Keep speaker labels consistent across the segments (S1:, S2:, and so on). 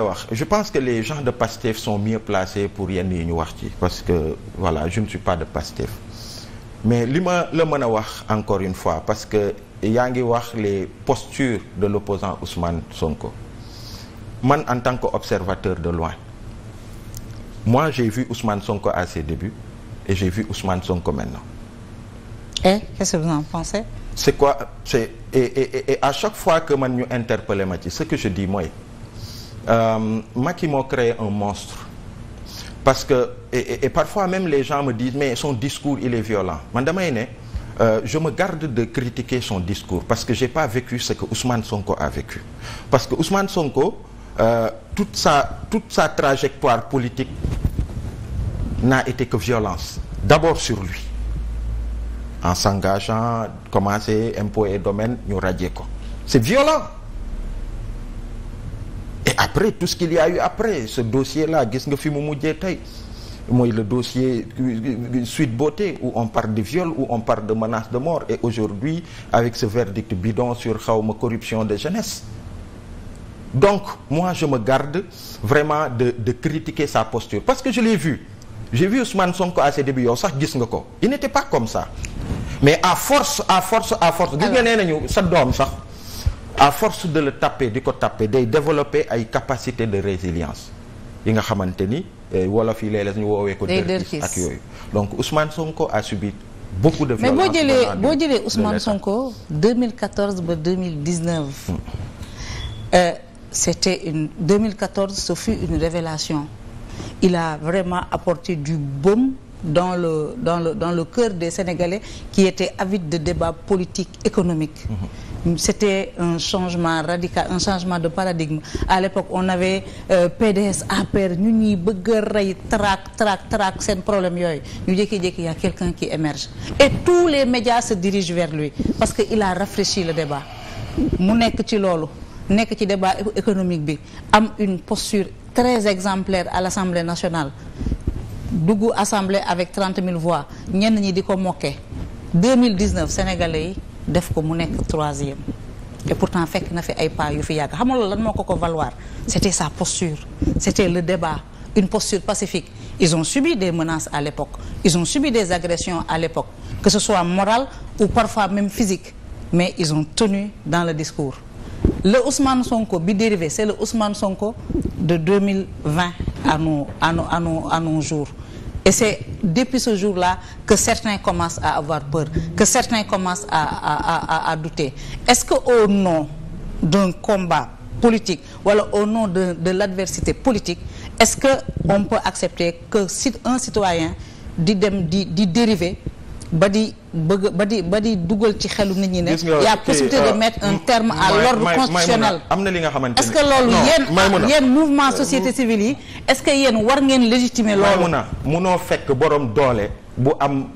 S1: wax je pense que les gens de Pastef sont mieux placés pour yenn yi ñu wax ci parce que voilà je ne suis pas de Pastef mais li ma la mën a wax encore une fois parce que yaa ngi wax les postures de l'opposant Ousmane Sonko man en tant que qu'observateur de loin moi j'ai vu Ousmane Sonko à ses début et j'ai vu Ousmane Sonko maintenant.
S2: et qu'est-ce que vous en pensez.
S1: c'est quoi c'est et à chaque fois que man ñu interpellé ma ci ce que je dis mooy. Euh, Macky moo créé un monstre parce que et, et parfois même les gens me disent mais son discours il est violent man damay ne Euh, je me garde de critiquer son discours parce que j'ai pas vécu ce que Ousmane Sonko a vécu parce que Ousmane Sonko euh, toute sa toute sa trajectoire politique n'a été que violence d'abord sur lui en s'engageant commencer impôts et domaines ñu radier ko c'est violent après tout ce qu'il y eu après ce dossier là gis nga fi mu mujjee tey mooy le dossier euh, Sweet Beauté où on parle de viol où on parle de menace de mort et aujourd'hui avec ce verdict bidon sur xawma corruption de jeunesse donc moi je me garde vraiment de de critiquer sa posture parce que je l'ai vu j'ai vu Ousmane Sonko à ses débuts yow sax gis nga ko il n'était pas comme ça mais à force à force à force gis nee nañu sa doom sax à force de le taper di ko taper day développer ay capacité de résilience yi nga xamante ni eh, wolof yi la léeg ñu woowee ko dërkis ak yooyu donc Ousmane Sonko a subi beaucoup de violence mais boo jëlee boo jëlee Ousmane Sonko
S2: 2014 ba 2019 hmm. euh, c'était une 2014 ce fut une révélation il a vraiment apporté du baume dans le dans le dans le cœur des Sénégalais qui étaient avides de débats politiques économique hmm. c'était un changement radical un changement de paradigme à l'époque on avait euh, PDS APR ñu ñuy bëgg a rey trac trac trac seen problème yooyu ñu jékki-jékki y a quelqu'un qui émerge et tous les médias se dirigent vers lui parce que il a rafraîchi le débat mu nekk ci loolu nekk ci débat économique bi am une posture très exemplaire à l'Assemblée nationale dugg assemblée avec trente mille voix ñenn ñi di ko mokkee deux mille dix-neuf sénégalais yi def ko mu nekk troisième et pourtant fekk na fi ay pas yu fi yàgg xam lan moo ko ko valoir c'était sa posture c'était le débat une posture pacifique ils ont subi des menaces à l'époque ils ont subi des agressions à l'époque que ce soit morale ou parfois même physique mais ils ont tenu dans le discours le Ousmane Sonko bi dérivé c'est le Ousmane Sonko de 2020 à nos à nos à nos à nos jours Et c'est depuis ce jour-là que certains commencent à avoir peur, que certains commencent à, à, à, à douter. Est-ce qu'au nom d'un combat politique, ou alors au nom de, de l'adversité politique, est-ce qu'on peut accepter que si un citoyen dit, dit, dit dériver ba di bëgg ba di ba di duggal ci xelu nit ñi ne. y' a possibilité euh, de mettre un terme à l'ordre constitutionnel.
S1: am na li nga xamante ne est ce que loolu yéen yéen
S2: mouvement société civile yi est ce que yéen war ngeen légitimer loolu. mun a
S1: munoo fekk borom doole bu am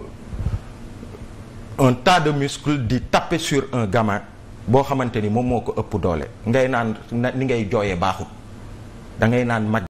S1: un tas de muscles di taper sur un gamin boo xamante ni moom moo ko ëpp doole ngay naan ni ngay jooyee baaxut da ngay naan mag.